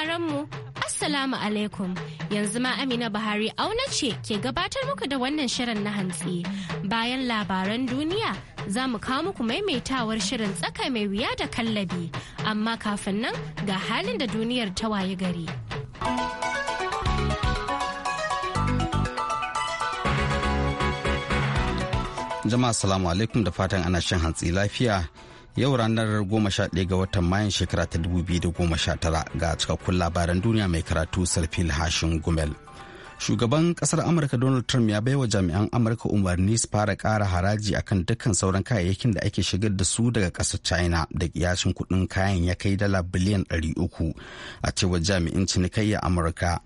sauraronmu Assalamu alaikum yanzu ma Amina Buhari auna ce ke gabatar muku da wannan shirin na hantsi bayan labaran duniya za mu kawo muku maimaitawar shirin tsaka mai wuya da kallabi amma kafin nan ga halin da duniyar ta waye gari. Jama'a salamu alaikum da fatan ana shan hantsi lafiya. yau ranar 11 ga watan mayan shekara ta 2019 ga cikakkun labaran duniya mai karatu sarfil hashin gumel shugaban kasar amurka donald trump ya baiwa jami'an amurka umarni su fara kara haraji akan dukkan sauran kayayyakin da ake shigar da su daga kasar china da yashin kudin kayan ya kai dala biliyan 300 a cewar jami'in cinikayya amurka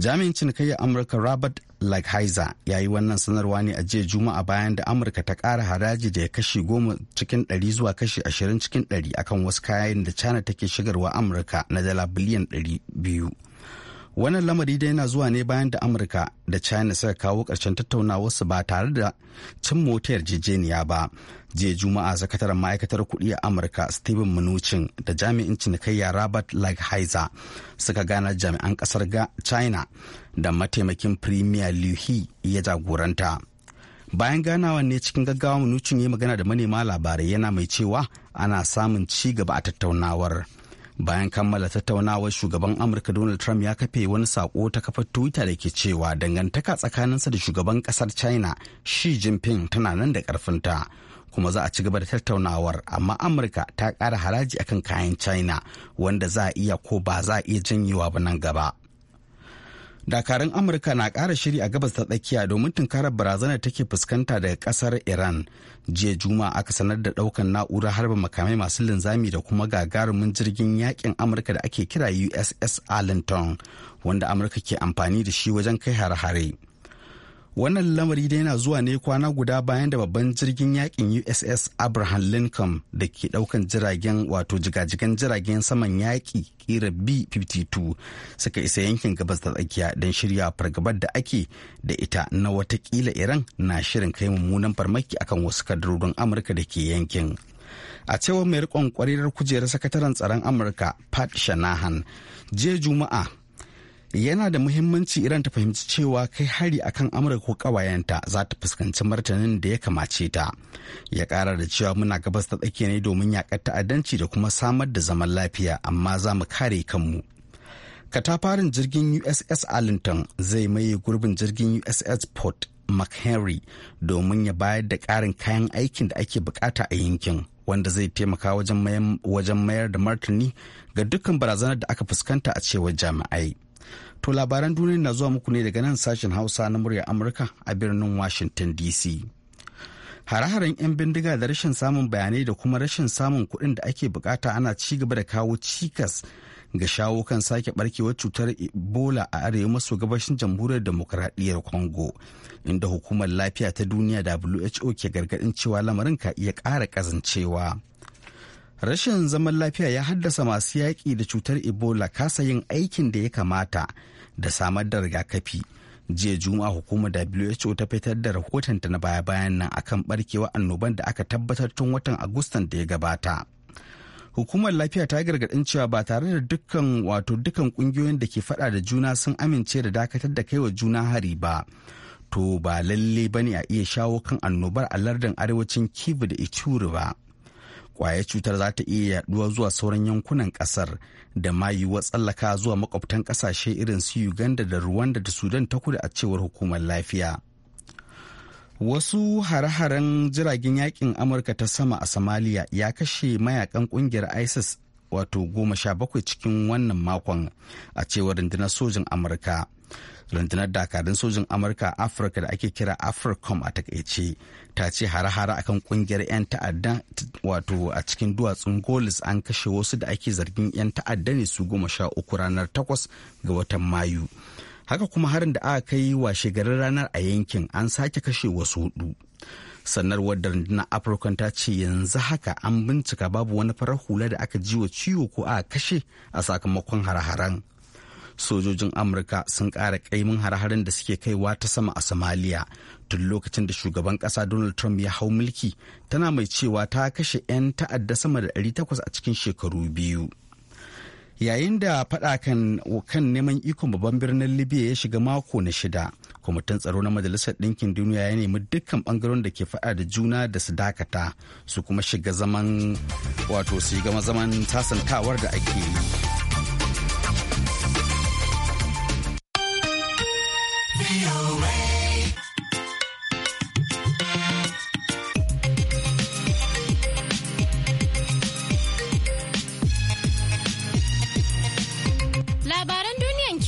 jami'in cinikayya amurka robert lighthizer ya yi wannan sanarwa ne a jiya juma'a bayan da amurka ta kara haraji da ya kashi goma cikin ɗari zuwa kashi ashirin cikin ɗari akan wasu kayan da china take shigarwa amurka na dala biliyan ɗari biyu. wannan lamari dai yana zuwa ne bayan da amurka da china suka kawo ƙarshen tattaunawarsu ba tare da cin mota yarjejeniya ba jiya juma'a sakataren ma'aikatar kuɗi a amurka steven mnuchin da jami'in cinikayya robert lighthizer suka gana jami'an ƙasar china da mataimakin premier liu he ya jagoranta bayan ganawa ne cikin gaggawa mnuchin ya magana da manema labarai yana mai cewa ana samun ci gaba a tattaunawar. bayan kammala tattaunawar shugaban amurka donald trump ya kafe wani sako ta kafar twitter da ke cewa dangantaka tsakaninsa da shugaban kasar china shi jinping tana nan da karfinta kuma za a ci gaba da tattaunawar amma amurka ta kara haraji akan kayan china wanda za a iya ko ba za a iya janyewa ba nan gaba dakarun amurka na ƙara shiri a gabas ta tsakiya domin tunkarar barazanar take fuskanta daga ƙasar iran jiya juma aka sanar da ɗaukan na'urar harba makamai masu linzami da kuma gagarumin jirgin yakin amurka da ake kira uss arlington wanda amurka ke amfani da shi wajen kai hare-hare wannan lamari dai yana zuwa ne kwana guda bayan da babban jirgin yakin uss abraham lincoln da ke daukan jiragen wato jigajigan jiragen saman yaki kira b-52 suka isa yankin gabas da tsakiya don shirya fargabar da ake da ita na watakila iran na shirin kai mummunan farmaki akan wasu kadarorin amurka da ke yankin a cewar mai rikon kwarirar kujerar sakataren tsaron amurka pat shanahan jiya juma'a yana da muhimmanci iran ta fahimci cewa kai hari akan amurka ko kawayenta za ta fuskanci martanin da ya kamace ta ya kara da cewa muna gabas ta tsakiya ne domin yakar ta'addanci da kuma samar da zaman lafiya amma za mu kare kanmu katafarin jirgin uss arlington zai maye gurbin jirgin uss port mchenry domin ya bayar da karin kayan aikin da ake bukata a yankin wanda zai taimaka wajen mayar da martani ga dukkan barazanar da aka fuskanta a cewar jami'ai To labaran duniya na zuwa muku ne daga nan sashen Hausa na murya Amurka a birnin Washington DC. Hare-haren 'yan bindiga da rashin samun bayanai da kuma rashin samun kuɗin da ake bukata ana ci gaba da kawo cikas ga shawo kan sake barkewar cutar Ebola a arewa maso gabashin jamhuriyar demokuraɗiyyar Congo, inda hukumar lafiya ta duniya WHO ke gargaɗin cewa lamarin ka iya ƙara ƙazancewa. rashin zaman lafiya ya haddasa masu yaƙi da cutar ebola kasa yin aikin da ya kamata da samar da rigakafi jiya juma hukumar who ta fitar da rahotonta na baya-bayan nan akan barkewa annoban da aka tabbatar tun watan agustan da ya gabata hukumar lafiya ta gargaɗin cewa ba tare da dukkan wato dukkan ƙungiyoyin da ke faɗa da juna sun amince da dakatar da kaiwa juna hari ba to ba lalle bane a iya shawo kan annobar a lardin arewacin kivu da ituri ba kwayar cutar za ta iya yaduwa zuwa sauran yankunan kasar da ma tsallaka zuwa makwabtan kasashe irin su uganda da rwanda da sudan ta kudu a cewar hukumar lafiya wasu hare-haren jiragen yakin amurka ta sama a somalia ya kashe mayakan kungiyar isis wato goma sha bakwai cikin wannan makon a cewar rundunar sojin amurka rundunar dakarun sojin amurka a afirka da ake kira africom a takaice ta ce har-hara hare akan kungiyar 'yan ta'adda wato a cikin duwatsun golis an kashe wasu da ake zargin 'yan ta'adda ne su goma sha uku ranar takwas ga watan mayu haka kuma harin da aka kai wa garin ranar a yankin an sake kashe wasu hudu sanarwar da rundunar afirkan ta ce yanzu haka an bincika babu wani farar hula da aka jiwa ciwo ko a kashe a sakamakon hare-haren sojojin amurka sun ƙara ƙaimin har-harin da suke kaiwa ta sama a Somalia. tun lokacin da shugaban ƙasa donald trump ya hau mulki tana mai cewa ta kashe 'yan ta'adda sama da 800 a cikin shekaru biyu yayin da fada kan neman ikon babban birnin libya ya shiga mako na shida kwamitin tsaro na majalisar ɗinkin duniya ya nemi dukkan ɓangaren da ke faɗa da juna da su dakata su kuma shiga zaman wato su shiga zaman sasantawar da ake yi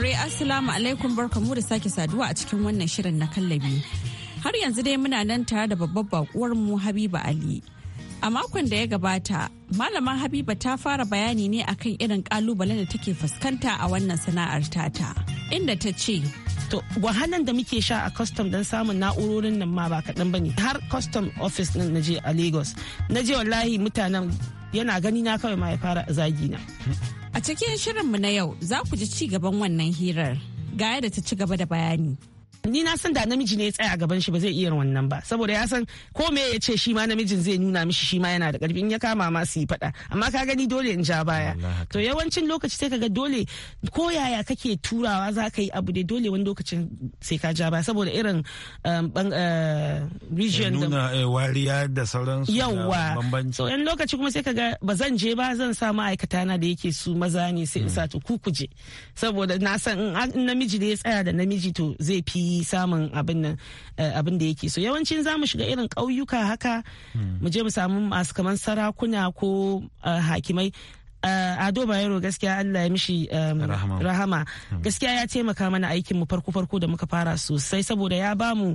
saurare Assalamu alaikum barkamu da sake saduwa a cikin wannan shirin na kallabi. Har yanzu dai muna nan tare da babbar bakuwar mu Habiba Ali. A makon da ya gabata, malama Habiba ta fara bayani ne akan irin kalubalen da take fuskanta a wannan sana'ar tata. Inda ta ce, to wahalan da muke sha a custom don samun na'urorin nan ma ba kaɗan ba ne har custom office nan na je a lagos naje wallahi mutanen yana gani na kawai ma ya fara zagi na A cikin shirinmu na yau za ku ji ci gaban wannan hirar ga da ta ci gaba da bayani. ni na san da namiji ne ya tsaya a gaban shi ba zai iya wannan ba saboda ya san ko me ya ce shi ma namijin zai nuna mishi shi ma yana da karfi in ya kama ma su yi fada amma ka gani dole in ja baya to yawancin lokaci sai kaga dole ko yaya kake turawa za ka yi abu da dole wani lokacin sai ka ja baya saboda irin um, uh, region da nuna eh, wariya da sauran su. yawa so in lokaci kuma sai kaga ba zan je ba zan sa ma'aikata na da yake su maza ne sai in sa to hmm. ku kuje saboda na san in namiji ne ya tsaya da namiji to zai fi fi samun eh, abin da yake so yawancin za mu shiga irin ƙauyuka haka mu je mu samu masu kamar sarakuna ko eh, hakimai a eh, ado bayero gaskiya allah ya mishi rahama hmm. gaskiya ya taimaka mana aikin mu farko farko da muka fara sosai saboda ya bamu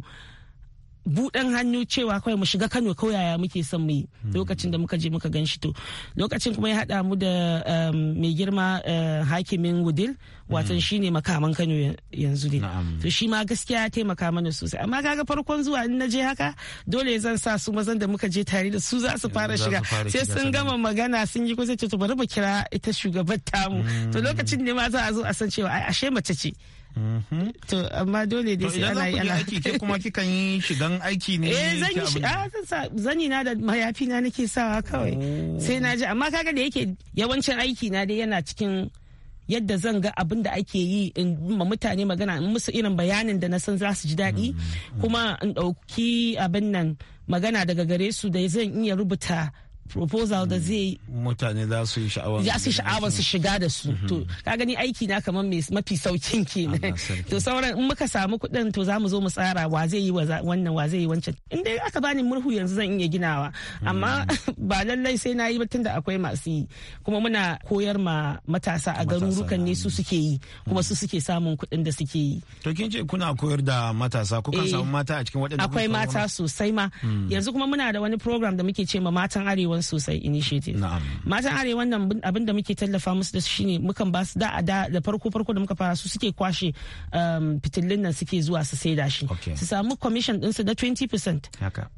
buɗan hannu cewa kawai mu shiga kano kawai yaya muke son mu yi lokacin da muka je muka gan shi to lokacin kuma ya haɗa mu da um, mai girma uh, hakimin wudil watan mm. shine makaman kano yanzu ne to shi ma gaskiya ya taimaka mana sosai amma kaga farkon zuwa in na je haka dole zan sa su mazan da muka je tare da su za su fara shiga sai sun gama magana sun yi kusa to bari mu kira ita shugabar tamu to mm. lokacin ne ma za a zo a san cewa ai ashe mace ce Mm-hmm. To amma dole dai sai ana yi ana. ke kuma kika yi shigan aiki ne. Eh zan yi a ah, zan sa zani na da mayafi na nake sawa kawai. Oh. Sai na ji amma kaga da yake yawancin aiki na dai yana cikin yadda zan ga abin da ake yi in ma mutane magana in musu irin bayanin da na san za su ji daɗi mm-hmm. kuma in ɗauki abin nan magana daga gare su da zan iya rubuta proposal da zai mutane za su yi sha'awar za su sha'awar su shiga da su to mhm. ka gani aiki na kamar mai mafi saukin kenan to sauran in muka samu kuɗin to za mu zo mu tsara wa zai yi wannan wa zai yi wancan in dai aka bani murhu yanzu zan iya ginawa amma mm. ba lallai sai na yi ba tunda akwai masu yi kuma muna koyar ma matasa a garurukan ne su suke yi kuma mm. su suke samun kuɗin da suke yi to kin ce kuna koyar da matasa kuka eh, samu mata a cikin waɗanda akwai mata sosai ma mm. yanzu kuma muna da wani program da muke ce ma matan arewa arewan sosai initiative matan arewan nan abin da muke tallafa musu da shine mukan ba su da da farko farko da muka fara su suke kwashe um, fitilin nan suke zuwa su saida shi su samu commission su na 20%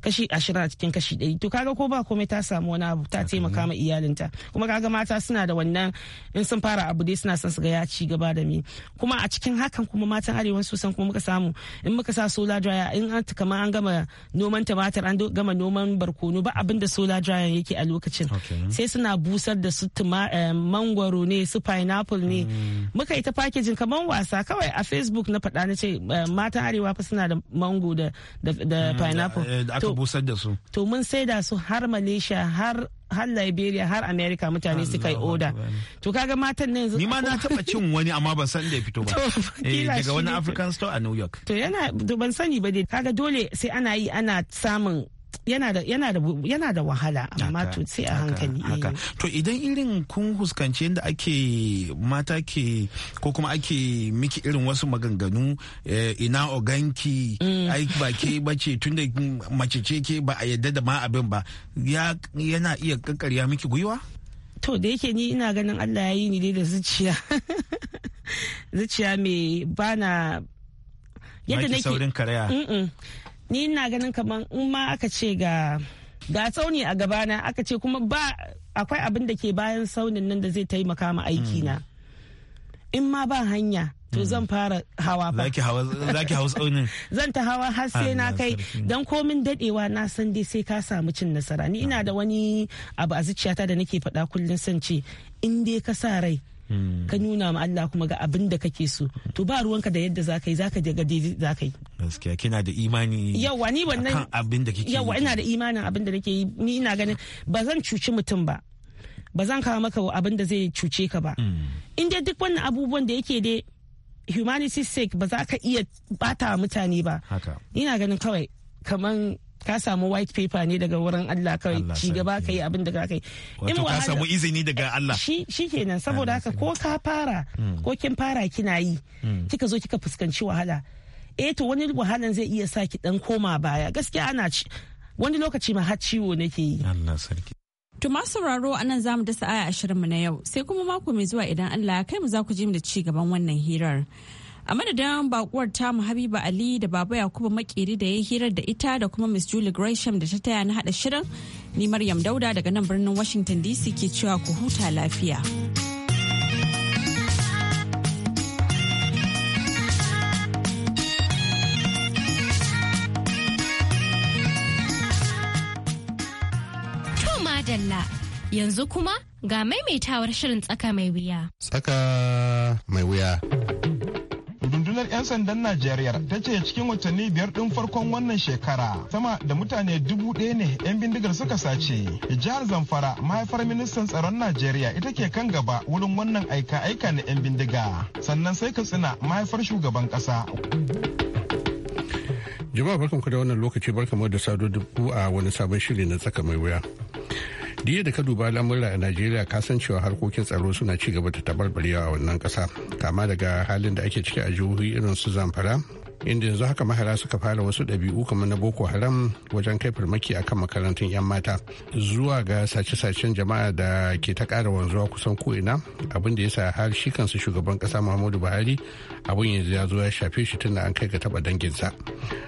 kashi 20 a cikin kashi 100 to kaga ko ba komai ta samu wani abu ta taimaka ma iyalinta kuma kaga mata suna da wannan in sun fara abu dai suna son su ga ya ci gaba da me kuma a cikin hakan kuma matan arewan sosan kuma muka samu in muka sa solar dryer in an kamar an gama noman tumatir an gama noman barkono ba abin da solar dryer ake a lokacin sai suna busar da su eh, mangwaro ne su pineapple ne mm. muka yi ta fakejin kamar wasa kawai a facebook na faɗa na ce eh, matan arewa fa suna da mango da mm, pineapple eh, aka busar da su to mun sai da su har malaysia har har liberia har america mutane su yi oda to kaga matan ne yanzu ma na taba cin wani amma ban san da ya fito ba daga wani african store a new york to yana ban sani ba dai kaga dole sai ana yi ana samun yana da yana da yana da wahala amma to sai a hankali eh. haka to idan irin kun huskanci yadda ake mata ke ko kuma ake miki irin wasu maganganu eh, ina oganki mm. ai ba ke bace tunda mace ce ke ba a yadda da ma abin ba yana iya kakkarya miki gwiwa to da yake ni ina ganin Allah ya yi ni dai da zuciya zuciya mai bana yadda nake saurin karaya ni ina ganin kamar in ma aka ce ga ga tsauni a gabana aka ce kuma ba akwai abin da ke bayan saunin nan da zai taimaka ma aiki na mm. in ma ba hanya to mm. zan fara hawa ba zaki hawa tsaunin zan ta hawa har sai na kai dan komin dadewa na san dai sai ka samu cin nasara ni ina da wani abu a zuciyata da nake faɗa kullun san ce in dai ka sa rai ka hmm. nuna ma Allah kuma ga abin da kake so to ba ruwanka da yadda zaka yi zaka daga daidai zaka yi gaskiya kina da imani yawa ni wannan abin da kike yawa ina da imanin abin da nake yi ni ina ganin ba zan cuci mutum ba ba zan kawo maka abin da zai cuce ka ba hmm. in dai duk wannan abubuwan da yake dai humanity sake ba za ka iya bata mutane ba ina ganin kawai kaman ka samu white paper ne daga wurin Allah kawai ci gaba ka abin da ka kai in ka samu izini daga eh, Allah shi kenan saboda haka ko ka fara hmm. ko kin fara kina yi hmm. kika zo kika fuskanci wahala eh to wani wahalan zai iya sa ki dan koma baya gaskiya ana wani lokaci ma har ciwo nake yi Allah sarki To masu sauraro a nan zamu dasa aya ashirin mu na yau sai kuma mako mai zuwa idan Allah ya kai mu za ku ji mu da ci gaban wannan hirar. a madadin bakuwar tamu habiba ali da baba yakubu makeri da ya hirar da ita da kuma miss julie gresham da ta taya na hada shirin ni maryam dauda daga nan birnin washington dc ke cewa ku huta lafiya. Yanzu kuma ga maimaitawar shirin tsaka mai wuya. Tsaka mai wuya. 'yan sandan Najeriya ta ce cikin watanni biyar ɗin farkon wannan shekara sama da mutane dubu ɗaya ne 'yan bindigar suka sace. Jihar Zamfara mahaifar ministan tsaron Najeriya ita ke kan gaba wurin wannan aika-aika na 'yan bindiga. Sannan sai Katsina mahaifar shugaban ƙasa. Jama'a barkanku da wannan lokaci barkanmu da sadu a wani sabon shiri na tsaka mai wuya. diya da ka duba lamurra a najeriya kasancewa harkokin tsaro suna ci gaba da tabarbarewa a wannan kasa kama daga halin da ake ciki a jihohi irin su zamfara inda yanzu haka mahara suka fara wasu ɗabi'u kamar na boko haram wajen kai farmaki a kan makarantun 'yan mata zuwa ga sace-sacen jama'a da ke ta ƙara wanzuwa kusan ko'ina abin da ya sa har shi kansu shugaban ƙasa muhammadu buhari abin yanzu ya zo ya shafe shi tun da an kai ga taɓa danginsa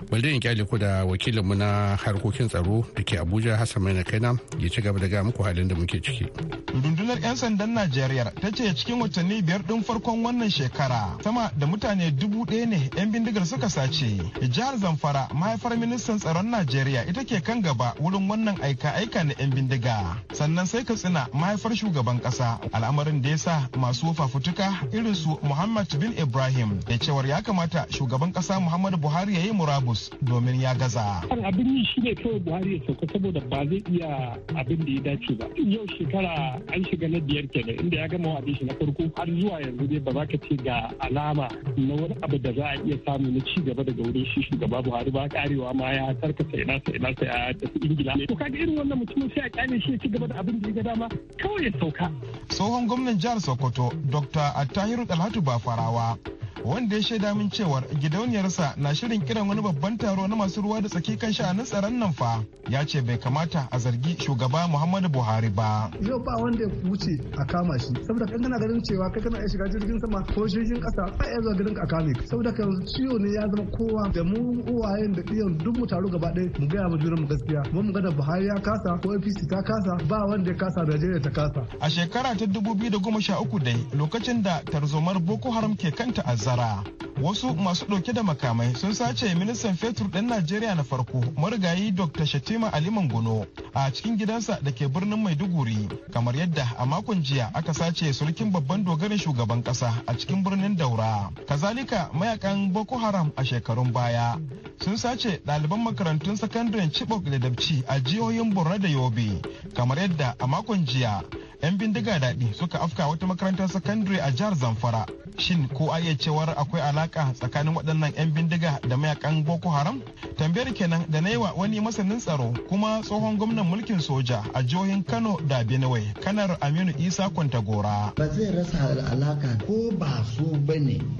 balde in kyale ku da wakilinmu na harkokin tsaro da ke abuja hassan mai na kaina ya ci gaba da ga muku halin da muke ciki rundunar 'yan sandan najeriya ta ce cikin watanni biyar ɗin farkon wannan shekara sama da mutane dubu ɗaya ne 'yan bindigar suka suka sace jihar zamfara mahaifar ministan tsaron najeriya ita ke kan gaba wurin wannan aika-aika na 'yan bindiga sannan sai katsina mahaifar shugaban kasa al'amarin da ya sa masu fafutuka irin su muhammad bin ibrahim da cewar ya kamata shugaban kasa muhammadu buhari ya yi murabus domin ya gaza abin yi shi ne kawai buhari ya sauka saboda ba zai iya abin da ya dace ba yau shekara an shiga na biyar kenan inda ya gama shi na farko har zuwa yanzu dai ba za ka ce ga alama na wani abu da za a iya samu na ci gaba daga wurin shi shugaba Buhari ba karewa ma ya sai na sai na sai a tafi Ingila to kaga irin wannan mutumin sai a kyale shi ya ci gaba da abin da ya ga dama kawai ya sauka tsohon gwamnan jihar Sokoto Dr. Attahiru Dalhatu Bafarawa wanda ya shaida min cewar gidauniyarsa na shirin kiran wani babban taro na masu ruwa da tsaki kan sha'anin tsaron nan fa ya ce bai kamata a zargi shugaba muhammadu buhari ba yau ba wanda ya wuce a kama shi saboda kan kana ganin cewa kai kana iya shiga jirgin sama ko jirgin kasa ba ya zuwa garin ka kame saboda kan ciwo ne ya zama kowa da mu uwayen da iyan duk mu taro gaba ɗaya mu gaya ma mu gaskiya mu mu ga da buhari ya kasa ko apc ta kasa ba wanda ya kasa najeriya ta kasa a shekara ta 2013 dai lokacin da tarzomar boko haram ke kanta azza tazara. wasu masu ɗauke da makamai sun sace ministan fetur ɗin najeriya na farko marigayi dr shatima ali mangono a cikin gidansa da ke birnin maiduguri kamar yadda a makon jiya aka sace sulkin babban dogarin shugaban ƙasa a cikin birnin daura kazalika mayakan boko haram a shekarun baya sun sace ɗaliban makarantun sakandaren chibok da dabci a jihohin borno da yobe kamar yadda a makon jiya 'yan bindiga daɗi suka afka wata makarantar sakandare a jihar zamfara shin ko a iya cewar akwai alaka tsakanin waɗannan 'yan bindiga da mayakan boko haram tambayar kenan da na yi wa wani masanin tsaro kuma tsohon gwamnan mulkin soja a jihohin kano da benue kanar aminu isa kwantagora ba zai rasa alaka ko ba su ba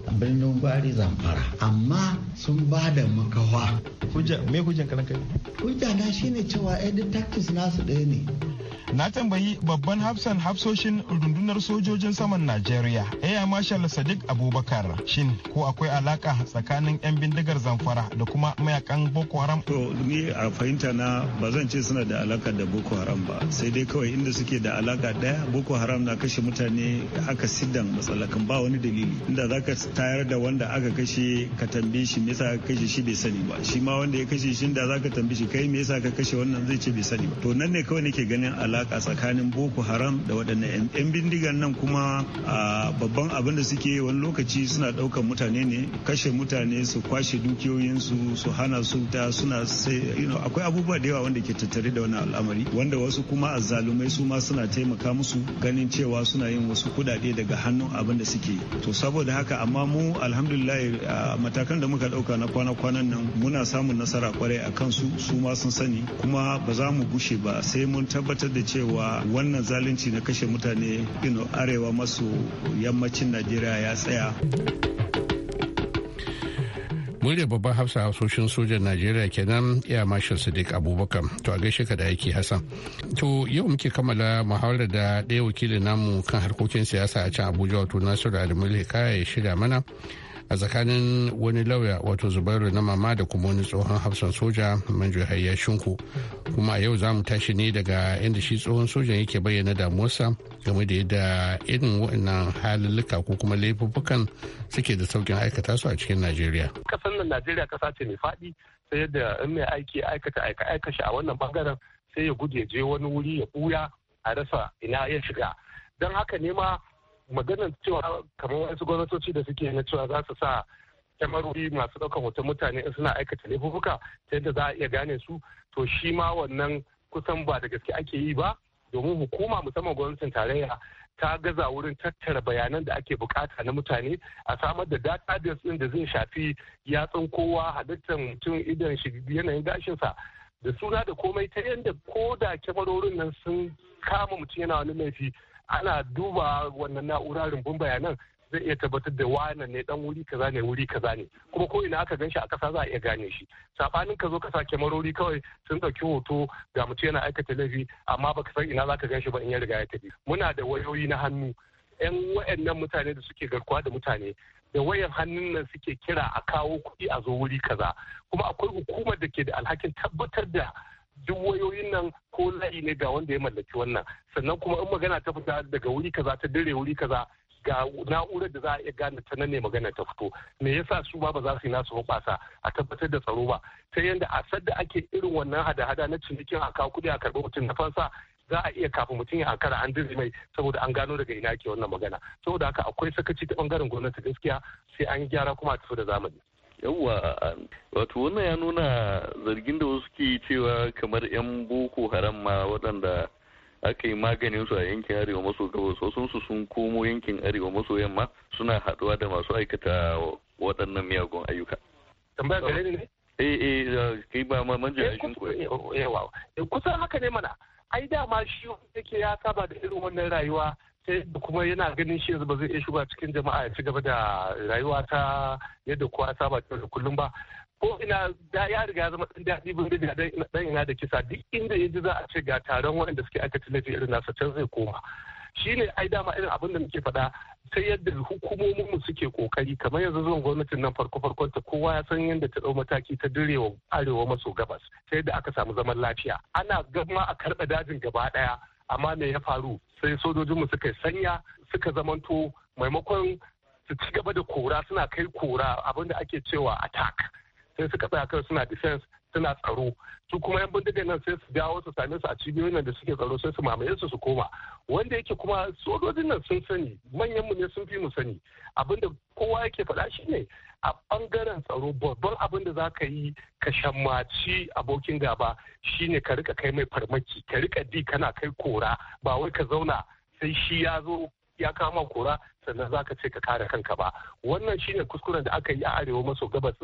a birnin gwari zamfara amma sun ba da makawa hujja me hujjan kanan kai hujja na shine cewa edit tactics nasu ɗaya ne na tambayi babban hafsan hafsoshin rundunar sojojin saman najeriya air marshal sadiq abubakar shin ko akwai alaka tsakanin 'yan bindigar zamfara da kuma mayakan boko haram to ni a fahimta na ba zan ce suna da alaka da boko haram ba sai dai kawai inda suke da alaka daya boko haram na kashe mutane aka siddan matsalakan ba wani dalili inda zaka tayar da wanda aka kashe ka tambaye shi me yasa ka kashe shi bai sani ba shi ma wanda ya kashe shi za zaka tambaye shi kai me yasa ka kashe wannan zai ce bai sani ba to nan ne kawai nake ganin alaka tsakanin boko haram da waɗannan 'yan bindigar nan kuma babban abin da suke suke wani lokaci suna ɗaukan mutane ne kashe mutane su kwashe dukiyoyinsu su hana su ta suna sai akwai abubuwa da yawa wanda ke tattare da wannan al'amari wanda wasu kuma azzalumai su ma suna taimaka musu ganin cewa suna yin wasu kudade daga hannun abin da suke to saboda haka amma mu alhamdulillah matakan da muka ɗauka na kwana-kwanan nan muna samun nasara kwarai a kansu su ma sun sani kuma ba za mu gushe ba sai mun tabbatar da cewa wannan zalunci na kashe mutane arewa maso yammacin najeriya ya tsaya. murya babban hafsa hasoshin sojan najeriya kenan ya marshal sadiq abubakar to a gaishe ka da yake hassan to yau muke kammala muhawarar da ɗaya wakilin namu kan harkokin siyasa a can abuja wato nasiru alimul hikaya ya shirya mana a tsakanin wani lauya wato zubairu na mama da kuma wani tsohon hafsan soja manjo hayya shinku kuma yau za mu tashi ne daga inda shi tsohon sojan yake bayyana damuwarsa game da yadda irin waɗannan halulluka ko kuma laifuffukan suke da saukin aikata su a cikin najeriya kasan nan najeriya kasa ce mai faɗi sai yadda in mai aiki aikata aika a wannan bangaren sai ya guje je wani wuri ya buya a rasa ina ya shiga don haka ne ma maganar cewa kamar wasu gwamnatoci da suke na cewa za su sa kyamarori masu ɗaukar hoton mutane in suna aikata laifuka ta yadda za a iya gane su to shi ma wannan kusan ba da gaske ake yi ba domin hukuma musamman gwamnatin tarayya ta gaza wurin tattara bayanan da ake bukata na mutane a samar da database din da zai shafi yatsun kowa halittar mutum idan shi yanayin gashinsa da suna da komai ta yadda ko da kyamarorin nan sun kama mutum yana wani laifi ana duba wannan na'ura rumbun bayanan zai iya tabbatar da wannan ne dan wuri kaza ne wuri kaza ne kuma ko ina aka ganshi a kasa za a iya gane shi safanin ka zo ka sa kyamarori kawai sun dauki hoto ga mutum yana aika talabi. amma baka san ina zaka ganshi ba in ya riga ya tafi muna da wayoyi na hannu yan wayannan mutane da suke garkuwa da mutane da wayan hannun nan suke kira a kawo kuɗi a zo wuri kaza kuma akwai hukumar da ke da alhakin tabbatar da duk wayoyin nan ko layi ne ga wanda ya mallaki wannan sannan kuma in magana ta fita daga wuri kaza ta dire wuri kaza ga na'urar da za a iya gane ta nan ne magana ta fito me yasa su ma ba za su yi nasu hoɓasa a tabbatar da tsaro ba ta yadda a da ake irin wannan hada-hada na cinikin a kawo kuɗi a karɓi mutum na fansa za a iya kafin mutum ya ankara an dirzi mai saboda an gano daga ina ke wannan magana saboda haka akwai sakaci ta ɓangaren gwamnati gaskiya sai an gyara kuma a tafi da zamani yawwa wato wannan ya nuna zargin da wasu ke cewa kamar 'yan boko haram ma waɗanda aka yi maganin su a yankin arewa maso gabas wasu su sun komo yankin arewa maso yamma suna haɗuwa da masu aikata waɗannan miyagun ayyuka. tambaya gare ne? eh eh kai ba ma manja ajin kusan haka ne mana ai dama shi yake ya saba da irin wannan rayuwa sai kuma yana ganin shi yanzu ba zai iya shiga cikin jama'a ya ci gaba da rayuwa ta yadda kowa saba da kullum ba ko ina da ya riga ya zama dan daɗi bin da dan ina da kisa duk inda ya ji za a ce ga taron waɗanda suke ci laifi irin nasa can zai koma shi ne ai dama irin abin da muke faɗa sai yadda hukumominmu suke kokari kamar yanzu zuwan gwamnatin nan farko farkon ta kowa ya san yadda ta ɗau mataki ta direwa arewa maso gabas sai yadda aka samu zaman lafiya ana gama a karɓa dajin gaba ɗaya amma me ya faru sai sojojinmu suka sanya suka zamanto maimakon su ci gaba da kora suna kai kora abinda ake cewa attack sai suka tsaya kan suna defense suna tsaro su kuma yan bindiga nan sai su dawo su same su a cibiyoyin nan da suke tsaro sai su mamaye su su koma wanda yake kuma sojojin nan sun sani manyan mu ne sun fi mu sani abinda kowa yake faɗa shine a bangaren tsaro babban abin da za ka yi ka shammaci abokin gaba shine ka rika kai mai farmaki ka rika di kana kai kora ba wai ka zauna sai shi ya zo ya kama kora sannan za ka ce ka kare kanka ba wannan shine kuskuren da aka yi a arewa maso gabas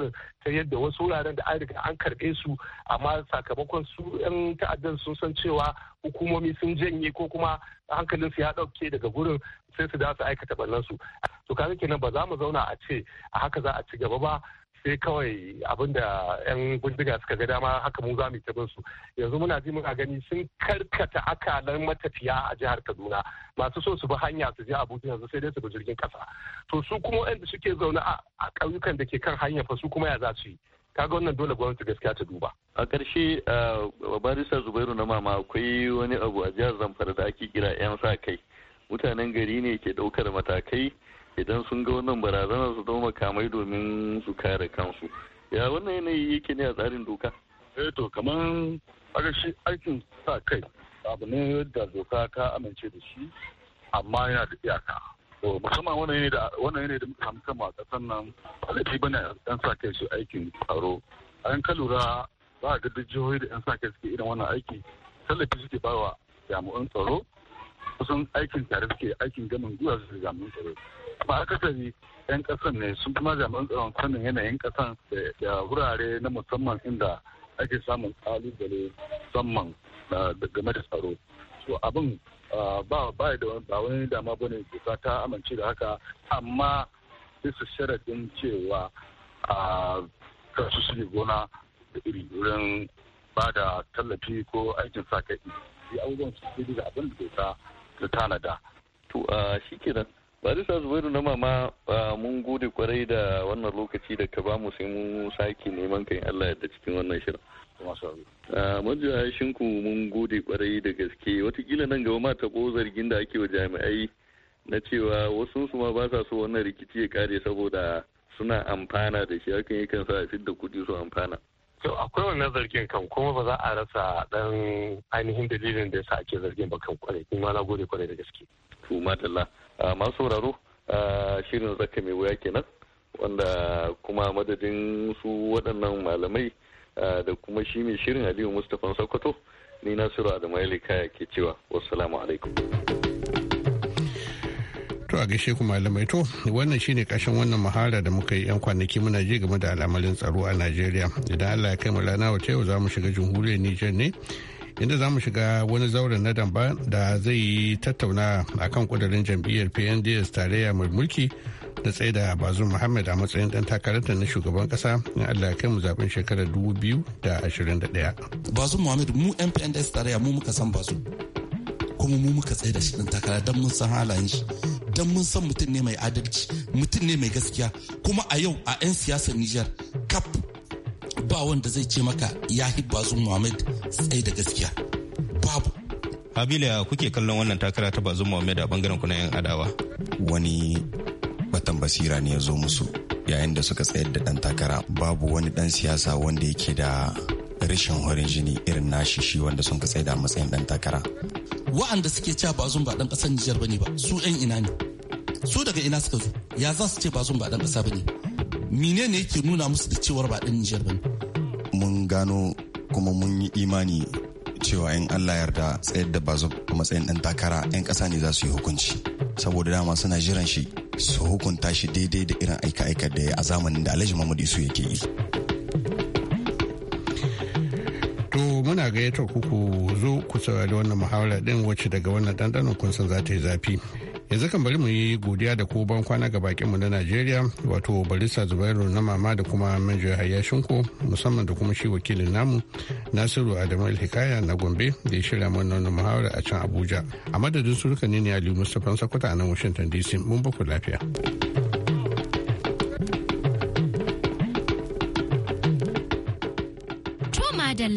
ta yadda wasu wuraren da an riga an karɓe su amma sakamakon su yan ta'addan sun san cewa hukumomi sun janye ko kuma hankalinsu ya dauke daga gurin sai su da su aikata ɓannansu to kaga kenan ba za mu zauna a ce a haka za a ci gaba ba sai kawai abinda da 'yan bindiga suka ga dama haka mu za mu ta su yanzu muna ji muna gani sun karkata akalan matafiya a jihar kaduna masu so su bi hanya su je abuja yanzu sai dai su bi jirgin kasa to su kuma wanda suke zaune a ƙauyukan da ke kan hanya fa su kuma ya za su yi kaga wannan dole gwamnati gaskiya ta duba a ƙarshe uh, barista zubairu na mama akwai wani abu a jihar zamfara da ake kira yan sa kai mutanen gari ne ke ɗaukar matakai idan sun ga wannan barazana su zama makamai domin su kare kansu ya wannan yanayi yake ne a tsarin doka eh to kamar shi aikin sa kai abu ne da doka ka amince da shi amma yana da iyaka to musamman wannan ne da wannan yanayi da muka hamsa ma kasan nan alaji bane yan sa kai su aikin tsaro an ka lura ba ga duk jihohi da yan sa kai suke irin wannan aiki tallafi suke bawa jami'an tsaro kusan aikin tare suke aikin gaman guwa su jami'an tsaro amma kai yan kasan ne sun kuma jami'an tsaron sanin yanayin kasan da wurare na musamman inda ake samun kalubale musamman game da tsaro so abin ba ba da ba wani dama bane doka ta amince da haka amma bisa sharadin cewa a kasu su gona da iri wurin ba da tallafi ko aikin sa kai abubuwan su da abin da doka da tanada to shi kenan barisa zubairu na mama mun gode kwarai da wannan lokaci da ka bamu sai mun sake neman kan allah yadda cikin wannan shirin majiya shinku mun gode kwarai da gaske watakila nan gaba ma taɓo zargin da ake wa jami'ai na cewa wasu su ma ba sa so wannan rikici ya kare saboda suna amfana da shi hakan yakan sa a fidda kuɗi su amfana To akwai wannan zargin kan kuma ba za a rasa dan ainihin dalilin da yasa ake zargin ba kan kwarai kuma na gode kwarai da gaske. To madalla ah, masu sauraro ah, shirin zaka mai wuya kenan wanda kuma madadin su waɗannan malamai ah, da kuma shi mai shirin Aliyu Mustapha Sokoto ni Nasiru Adamu ya ke cewa wasu alaikum. To a gaishe ku malamai to wannan shine kashin wannan mahara da muka yi yan kwanaki muna ji game da al'amarin tsaro a Najeriya. Idan Allah ya kai mu rana wace yau za mu shiga jamhuriyar Nijar ne inda za mu shiga wani zauren na damba da zai yi tattauna akan kudirin jam'iyyar PNDS tarayya mai mulki da tsaye da bazu Muhammad a matsayin dan takararta na shugaban kasa in Allah ya kai mu zaben shekarar 2021. Bazu Muhammad mu PNDS tarayya mu muka san bazu kuma mu muka tsaye da shi dan takara dan mun san halayen shi. don mun san mutum ne mai adalci mutum ne mai gaskiya kuma a yau a 'yan siyasar Nijar kap ba wanda zai ce maka ya bazum Muhammad tsaye da gaskiya babu Habila kuke kallon wannan takara ta bazun Muhammad a bangaren kuna 'yan adawa wani batan basira ne ya zo musu yayin da suka tsayar da dan takara babu wani dan siyasa wanda yake da rashin horin jini irin nashi shi wanda sun ka da matsayin dan takara wa'anda suke cewa bazum ba dan kasar Nijar bane ba su ɗan ina ne su daga ina suka zo ya za su ce bazum ba dan kasa bane menene yake nuna musu da cewar ba dan Nijar bane mun gano kuma mun yi imani cewa in Allah yarda tsayar da bazum a matsayin dan takara yan kasa ne za su yi hukunci saboda dama suna jiran shi su hukunta shi daidai da irin aika-aikar da ya a zamanin da Alhaji Mamadu Isu yake yi muna gayyatar ku ku zo ku saurari wannan muhawara din wacce daga wannan ɗanɗanon kun san za ta yi zafi yanzu kan bari mu yi godiya da ku ban kwana ga bakin mu na Najeriya wato barista Zubairu na mama da kuma Manjo Hayya Shinko musamman da kuma shi wakilin namu Nasiru Adamu Hikaya na Gombe da ya shirya mana wannan muhawara a can Abuja a madadin surukan ne ne Ali Mustapha Sokoto a nan Washington DC mun ba ku lafiya.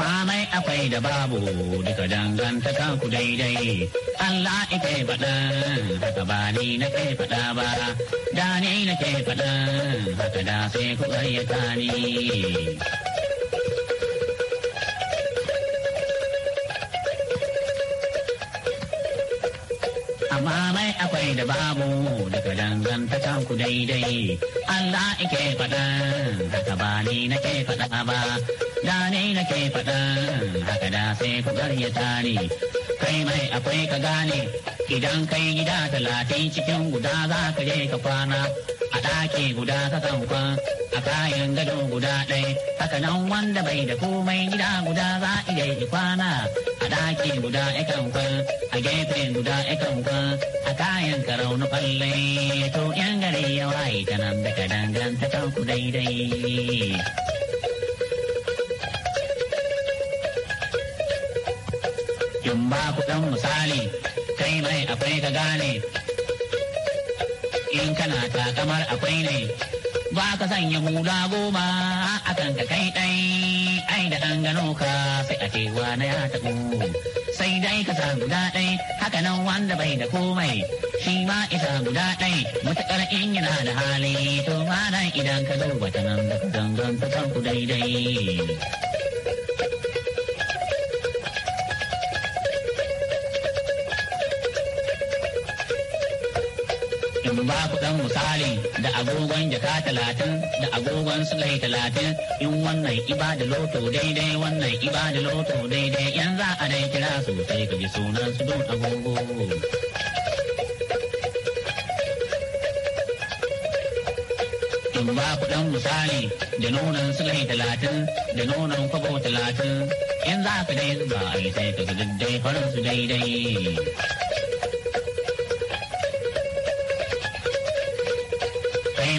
mamai akwai da babu duka dangantaka ku daidai Allah ike faɗa haka ba ni na ke faɗa ba da na ke faɗa haka da sai ku ƙaryata ni. mamai akwai da babu daga dangantakan ku daidai Allah ike fada haka ba ni ke faɗa ba da ni ke fada haka da sai ku garyata ni kai mai akwai ka gane idan kai gida talatin cikin guda za ka je ka kwana a ɗaki guda kakan kwan a kayan gado guda ɗai haka nan wanda bai da komai gida guda za a iya kwana a ɗaki guda ya kwan a gefe guda ya kwan a kayan karau na falle to yan gare ya waye ta nan daga dangantakar ku daidai. In ba ku ɗan misali, kai mai akwai ka gane, in kana kamar akwai ne ba ka sanya hula goma a kan ka kai ɗai ai da an gano ka sai a cewa na ya taɓo sai dai ka sa guda ɗai haka nan wanda bai da komai shi ma isa guda ɗai matuƙar in yana da hali to ma idan ka zo wata nan da ku dangan ta dai daidai. mu ba ku dan misali da agogon jaka talatin da agogon sulai talatin in wannan iba da loto daidai wannan iba da loto daidai yan za a dai kira su sai ka bi sunan su don agogo. ba ku dan misali da nonon sulai talatin da nonon kwabo talatin in za ka dai zuba sai ka su daidai farin su daidai.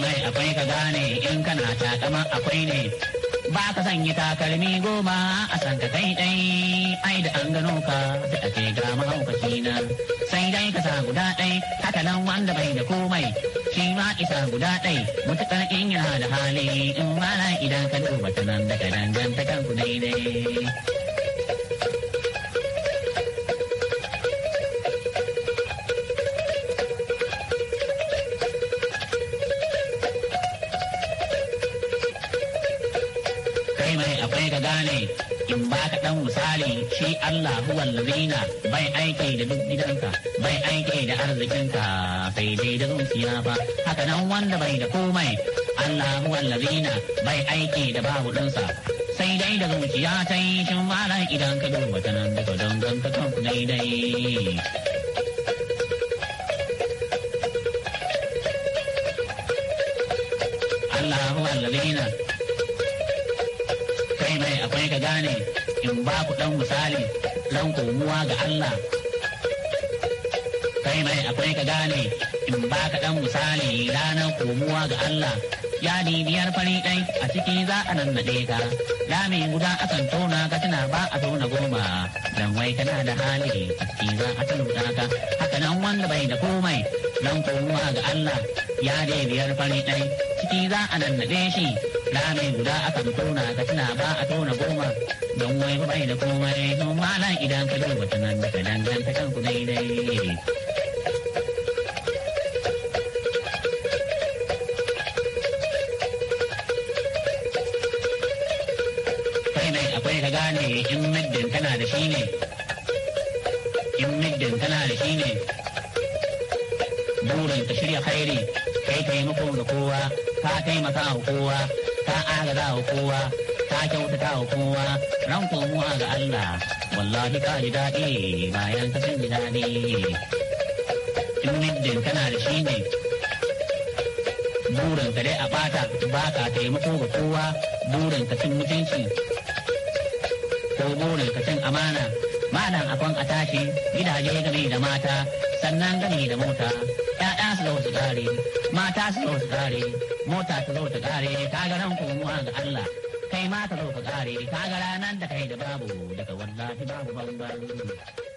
mai akwai ka gane in kana takama akwai ne ba ka sanya takalmi goma a san ka kai dai ai da an gano ka da ake gama mahaukaci na sai dai ka sa guda ɗai haka nan wanda bai da komai shi ma isa guda ɗai mutukar in yana da hali in ma idan ka duba ta nan daga dangantakan ku daidai. dan misali shi Allah huwal lazina bai aike da duk gidanka bai aike da arzikinka sai dai da zuciya ba haka nan wanda bai da komai Allah huwal lazina bai aike da babu dinsa sai dai da zuciya ta yi shin idan ka duba ta nan daga dangan ta kan daidai Allah huwal lazina kai mai akwai ka gane in ba ku ɗan misali ran komuwa ga Allah. Kai mai akwai ka gane in ba ka ɗan misali ranar komuwa ga Allah. Ya biyar fari ɗai a ciki za a nan naɗe ka. Lami guda a akan tona ka tana ba a tona goma. Dan wai kana da hali a ciki za a talauta ka. Haka nan wanda bai da komai ran komuwa ga Allah. Ya biyar fari ɗai ciki za a nan ɗe shi. lami guda akan tona ka tuna ba a tona goma don wai ba bai da komai don malam idan ka duba ta nan ka dangan ta kanku daidai. Kai mai akwai ka gane in muddin tana da shi ne. In muddin tana da shi ne. Burin ta shirya khairi kai taimako da kowa ka taimaka wa kowa ka aga da kowa ka kyautata da kowa ran komuwa ga Allah wallahi ka ji daɗi bayan ka san ji daɗi in middin kana da shi ne burin ka dai a bata ba ka taimako ga kowa burin ka cin mutunci ko burin ka cin amana malam akwan a tashi gidaje gami da mata sannan gami da mota 'ya'ya su da wasu tsari mata su zo su mota ta zo ta kare kaga ran ga Allah kai ma ta zo ka kare kaga da kai da babu daga wallahi babu bambam